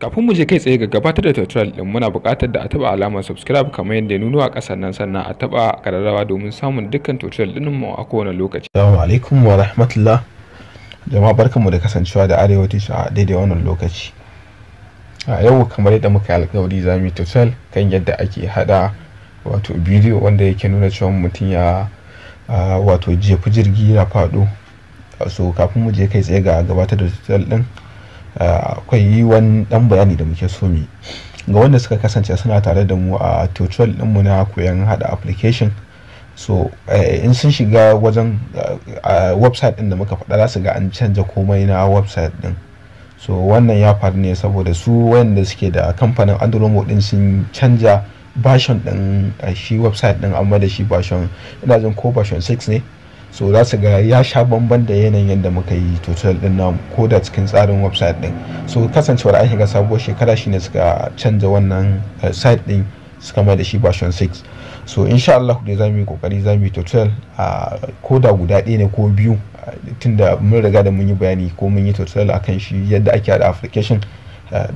kafin mu je kai tsaye ga gabatar da tutorial din muna buƙatar da a taba alamar subscribe kamar yadda ya nuno a ƙasar nan sannan a taba kararrawa domin samun dukkan tutorial din mu a kowane lokaci assalamu alaikum wa rahmatullah jama'a barkanmu da kasancewa da arewa shi a daidai wannan lokaci a yau kamar yadda muka alkawari za mu yi tutorial kan yadda ake hada wato bidiyo wanda yake nuna cewa mutum ya wato jefi jirgi ya faɗo so kafin mu je kai tsaye ga gabatar da tutorial din akwai yi wani dan bayani da muke so mu ga wanda suka kasance suna tare da mu a tutorial ɗinmu na koyon hada application so eh, in sun shiga wajen eh, website ɗin da muka faɗa za su ga an canja komai na website ɗin so wannan ya faru ne saboda su wanda suke da kamfanin andromo din sun canja version ɗin eh, shi website ɗin amma da shi version ina jin ko version 6 ne so za su ga ya sha bamban da yanayin yadda muka yi total din namu ko da cikin tsarin website din so kasancewar an shiga sabuwar shekara shine suka canza wannan eh, site din suka mai da shi version 6 so insha Allah dai za mu yi kokari za mu yi total a ko da guda ɗaya ne ko biyu tunda mun riga da mun yi bayani ko mun yi total akan shi yadda ake da application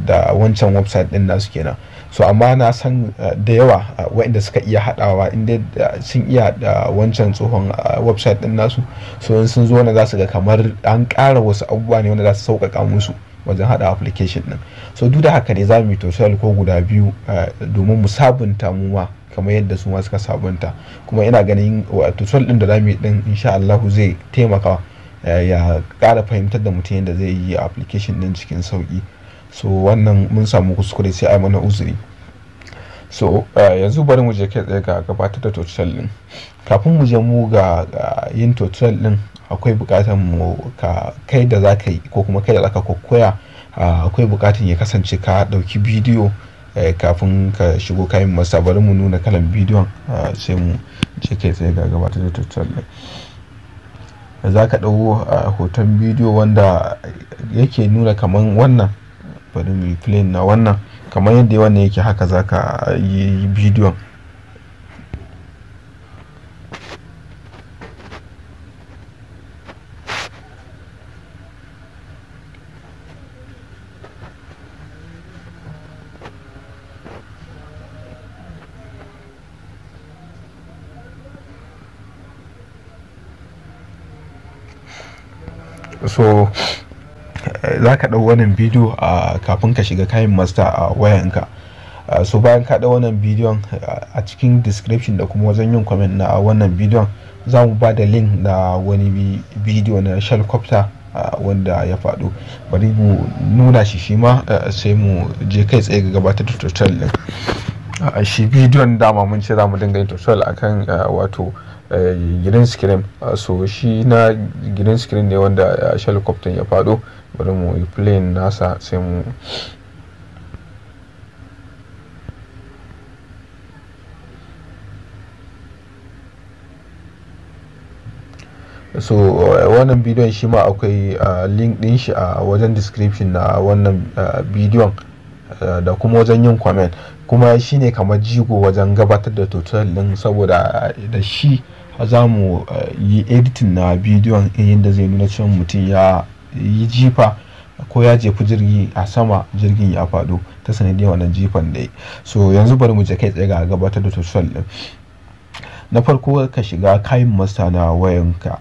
da wancan website din nasu kenan so amma na san eh, da yawa eh, waɗanda suka iya haɗawa inda eh, sun iya da wancan tsohon website din nasu so in sun zo na za su ga kamar an ƙara wasu abubuwa ne wanda za su sauƙaƙa musu wajen haɗa application din so duk da haka ne za mu yi tutorial ko guda biyu domin mu sabunta mu ma kamar yadda su ma suka sabunta kuma ina ganin tutorial din da za mu yi din insha Allah zai taimaka ya ƙara fahimtar da mutum yadda zai yi application din cikin sauki so wannan mun samu kuskure sai a mana uzuri so eh, yanzu bari mu je kai tsaye ga gabatar da din kafin mu je mu ga yin total din akwai bukatar mu ka kai da zaka yi ko kuma kai da zaka koya ah, akwai bukatar ya kasance ka dauki bidiyo eh, kafin ka shigo kayan masa bari mu nuna kalan bidiyon ah, sai mu je kai tsaye ga gabatar da tutorial din za ka ɗau ah, hoton bidiyo wanda yake nuna kaman wannan bari plane na wannan kamar yadda wannan yake haka zaka yi bidiyon so za ka ɗau wannan bidiyo a kafin ka shiga kayan Masta a wayanka so bayan ka ɗau wannan bidiyon a cikin description da kuma wajen yin comment na wannan bidiyon za mu ba da link na wani bidiyo na shalcopter wanda ya faɗo bari mu nuna shi shi ma sai mu je kai tsaye ga gabatar da tutorial din shi bidiyon dama mun ce za mu dinga yin tutorial akan wato gidan screen so shi na gidan screen ne wanda helicopter ya fado bari mu yi plane nasa sai mu so wannan bidiyon shi ma akwai link din shi a wajen description na wannan bidiyon da kuma wajen yin comment kuma shi ne kamar jigo wajen gabatar da tutorial din saboda da shi za mu eh, yi editing na bidiyon inda zai nuna cewa mutum ya yi jifa ko ya jefi jirgi a sama jirgin ya fado ta sanadiyar wannan jifan da so yanzu bari mu je kai tsaye ga gabatar da tutorial din na farko ka shiga kayan masana wayanka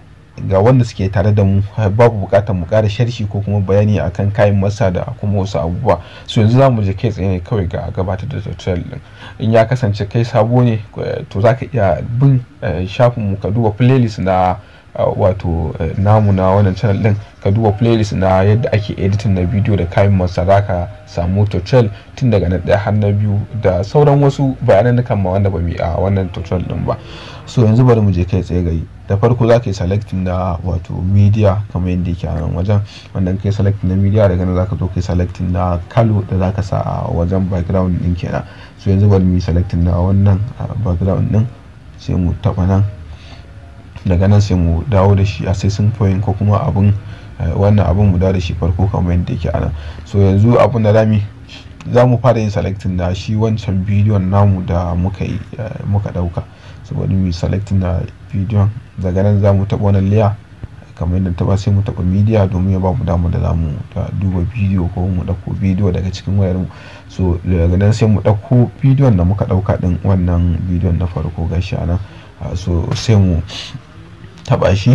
ga wanda suke tare da mu eh, babu bukatar mu kara sharshi ko kuma bayani akan kayan masa da kuma wasu abubuwa su yanzu za mu je kai tsaye kawai ga gabatar da tutorial din in ya kasance kai sabo ne eh, to zaka iya bin eh, shafin mu ka duba playlist na Uh, wato uh, namu na wannan channel din ka duba playlist na yadda ake editin na bidiyo da kayan masa za ka samu tutorial tun daga na ɗaya har na biyu da sauran wasu bayanan kan ma wanda ba mu a wannan tutorial din ba so yanzu bari mu je kai tsaye gari da farko za ka yi selecting na wato media kamar yadda yake a nan wajen wannan kai selecting na media daga nan za ka zo kai selecting na kalo da za ka sa a wajen background din kenan so yanzu bari mu yi selecting na wannan uh, background din sai mu taba nan daga nan sai mu dawo da shi a sun point ko kuma abin eh, wannan abun mu dawo da shi farko kamar yadda yake anan so yanzu abin da rami za mu fara yin selecting da shi wancan bidiyon namu da muka yi eh, muka dauka saboda mu selecting na bidiyon daga nan za mu taɓa wannan layer kamar yadda taba sai mu taba media domin ya ba mu damar da zamu duba bidiyo ko mu ɗauko bidiyo daga cikin wayar mu so daga nan sai mu ɗauko bidiyon da muka ɗauka din wannan bidiyon na farko gashi anan ah, so sai mu taɓa shi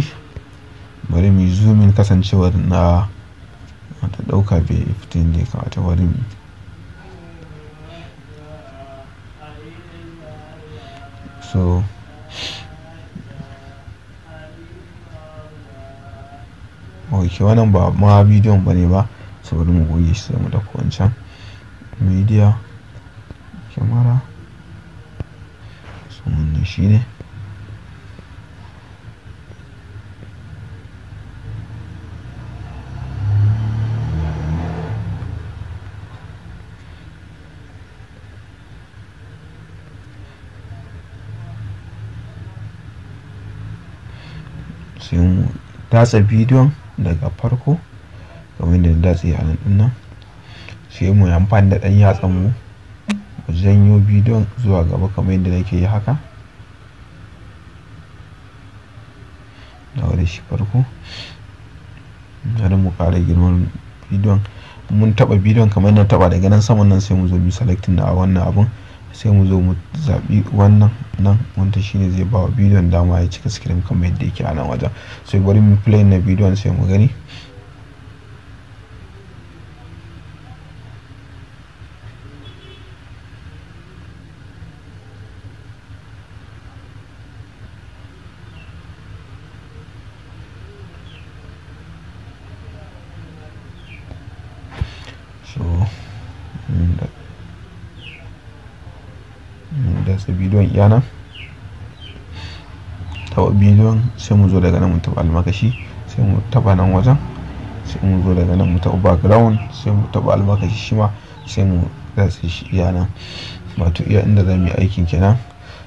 bari mu zoomin kasancewar na wata ɗauka bai fitin da ya kamata bari mu so ok wannan ba ma bidiyon ba ne ba saboda mu goge shi sai mu da wancan media kyamara so shi ne datsa bidiyon daga farko kamar yadda na datse a nan dinnan sai mu amfani da ɗan yatsan mu mu janyo bidiyon zuwa gaba kamar yadda nake yi haka da wani shi farko bari mu ƙara girman bidiyon mun taɓa bidiyon kamar na taɓa daga nan saman nan sai mu zo mu selectin da wannan abun sai mu zo mu zaɓi wannan nan wanda shine zai ba wa bidiyon dama ya cika screen kamar yadda yake a nan wajen sai bari mu play na bidiyon sai mu gani mm, sai bidiyon iyana taba bidiyon sai mu zo daga nan mu taba almakashi sai mu taba nan wajen sai mu zo daga nan mu taba background sai mu taba almakashi shi ma sai mu ratsa shi iyana wato iya inda za mu yi aikin kenan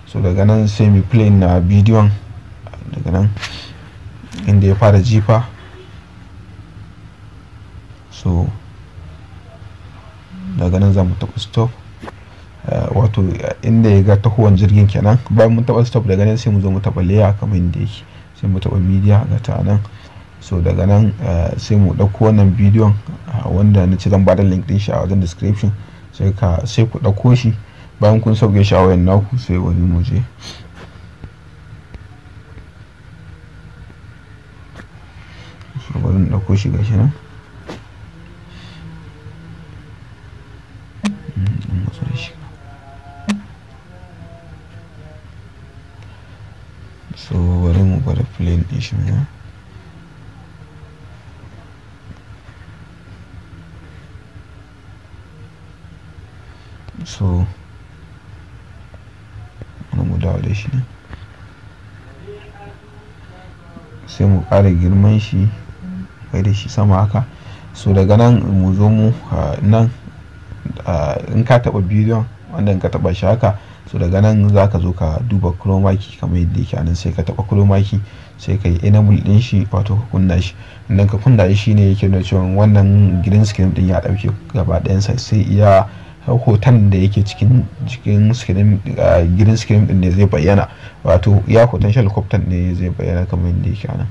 so daga nan sai mu play na bidiyon daga nan inda ya fara jifa so daga nan za mu taɓa stop Eh, wato inda ya ga tahowar jirgin kenan bayan mun taba stop daga nan sai mu zo mu taba layer kamar inda yake sai mu taba media ga ta nan so daga nan eh, sai mu dauko wannan bidiyon ah, wanda na ci zan bada link din shi a wajen description sai ka sai ku dauko shi bayan kun sauke shi a wayan naku sai wani mu je so bari dauko shi gashi nan so bari mu gwada plane din shi ma so wani mu dawo da shi sai mu ƙara girman shi kai da shi sama haka so daga nan mu zo mu nan in ka taɓa bidiyon wanda in ka taɓa shi haka so daga nan za ka zo ka duba kromaki kamar yadda yake anan sai ka taba kromaki sai ka yi enable din shi wato ka kunna shi idan ka kunna shi ne yake nuna cewa wannan green screen din ya dauke gaba ɗayan sa sai iya hoton da yake cikin cikin screen green screen din ne zai bayyana wato iya hoton helicopter ne zai bayyana kamar yadda yake anan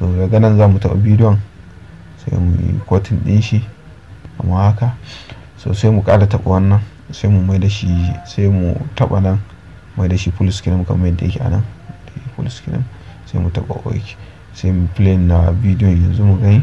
so daga nan za mu taɓa bidiyon sai mu yi kotun ɗin shi amma haka so sai mu ƙara taɓa wannan sai mu mai da shi sai mu taɓa nan mai da shi full screen kamar yadda yake a nan full screen sai mu taɓa oik sai mu play na bidiyon yanzu mu gani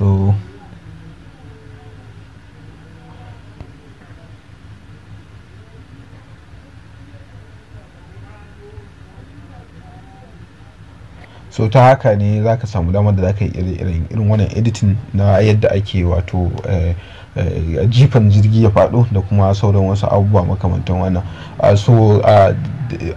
so so ta haka ne za ka samu damar da za ka yi irin irin wannan editing na yadda ake wato eh, eh, jifan jirgi ya faɗo da kuma sauran wasu abubuwa makamantan wannan ah, so ah,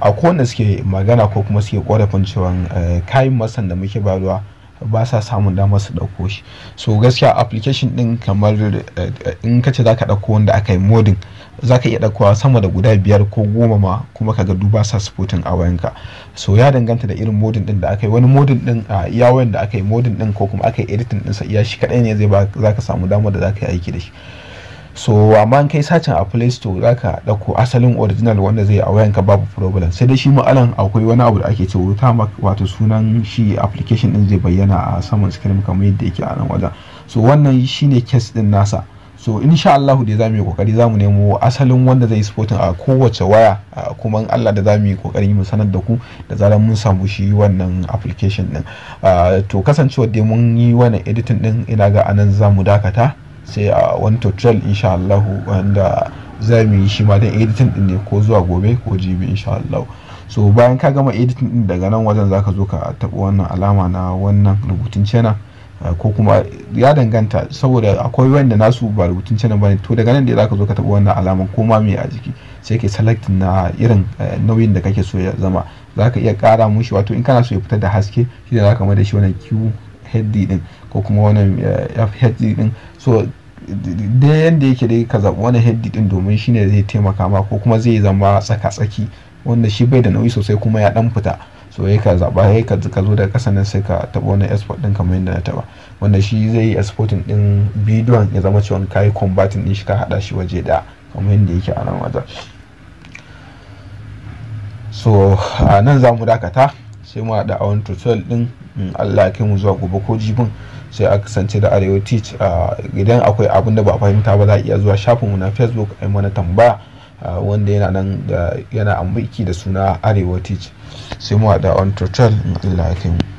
a kowanne suke magana ko kuma suke korafin cewa eh, kayan masan da muke baruwa ba sa samun damar su dauko shi so gaskiya application din kamar eh, in kace za ka ɗauko wanda aka yi modin za ka iya daukowa sama da guda biyar ko goma ma kuma ka ga duba sa supporting a wayanka so ya danganta da irin modin din da aka yi wani modin din a iya wayan da aka yi modin din ko kuma aka yi editing sa iya shi kadai ne zai ba za ka samu damar da za ka yi aiki da shi so amma kai sacin a play store zaka dauko asalin original wanda zai a wayanka babu problem sai dai shi ma'alan akwai wani abu da ake ce ta wato sunan shi application din zai bayyana a saman screen kamar yadda yake a nan wajen so wannan shine case din nasa so insha Allah dai zamu yi kokari zamu nemo asalin wanda zai supporting a kowace waya kuma in Allah da zamu yi kokari mu sanar da ku da zaran mun samu shi wannan application din ah, to kasancewa dai mun yi wannan editing din ina ga anan zamu dakata sai a wani to in insha Allah wanda za mu yi shi ma dan editing din ne ko zuwa gobe ko jibi insha Allah so bayan ka gama editing din daga nan wajen zaka zo ka taɓa wannan alama na wannan rubutun cena eh, ko kuma ya danganta saboda akwai wanda nasu ba rubutun cena bane to daga nan da zaka zo ka taɓa wannan alaman ko ma me a jiki sai ke select na irin eh, nauyin da kake so ya zama zaka iya ƙara mushi wato in kana so ya fitar da haske shi da zaka mai da shi wannan cue hd din ko kuma wannan eh, fhd din so da yadda yake dai ka zaɓi wani hd din domin shi ne zai taimaka ma ko kuma zai zama tsaka-tsaki wanda shi bai da nauyi sosai kuma ya dan fita so ya ka zaba ya ka ka zo da kasa nan sai ka taɓa wannan export din kamar yadda na taɓa wanda shi zai yi exporting din bidiyon ya zama cewa kai combating din shi ka haɗa shi waje da kamar yadda yake a nan wajen so a nan za mu dakata sai mu haɗa a wani tutorial ɗin in Allah kai mu zuwa gobe ko jibin sai a kasance da arewa teach idan akwai abin da ba fahimta ba za a iya zuwa shafin mu na facebook a mana tambaya wanda yana nan da yana ambiki da suna arewa teach sai mu haɗa wani tutorial in Allah kai mu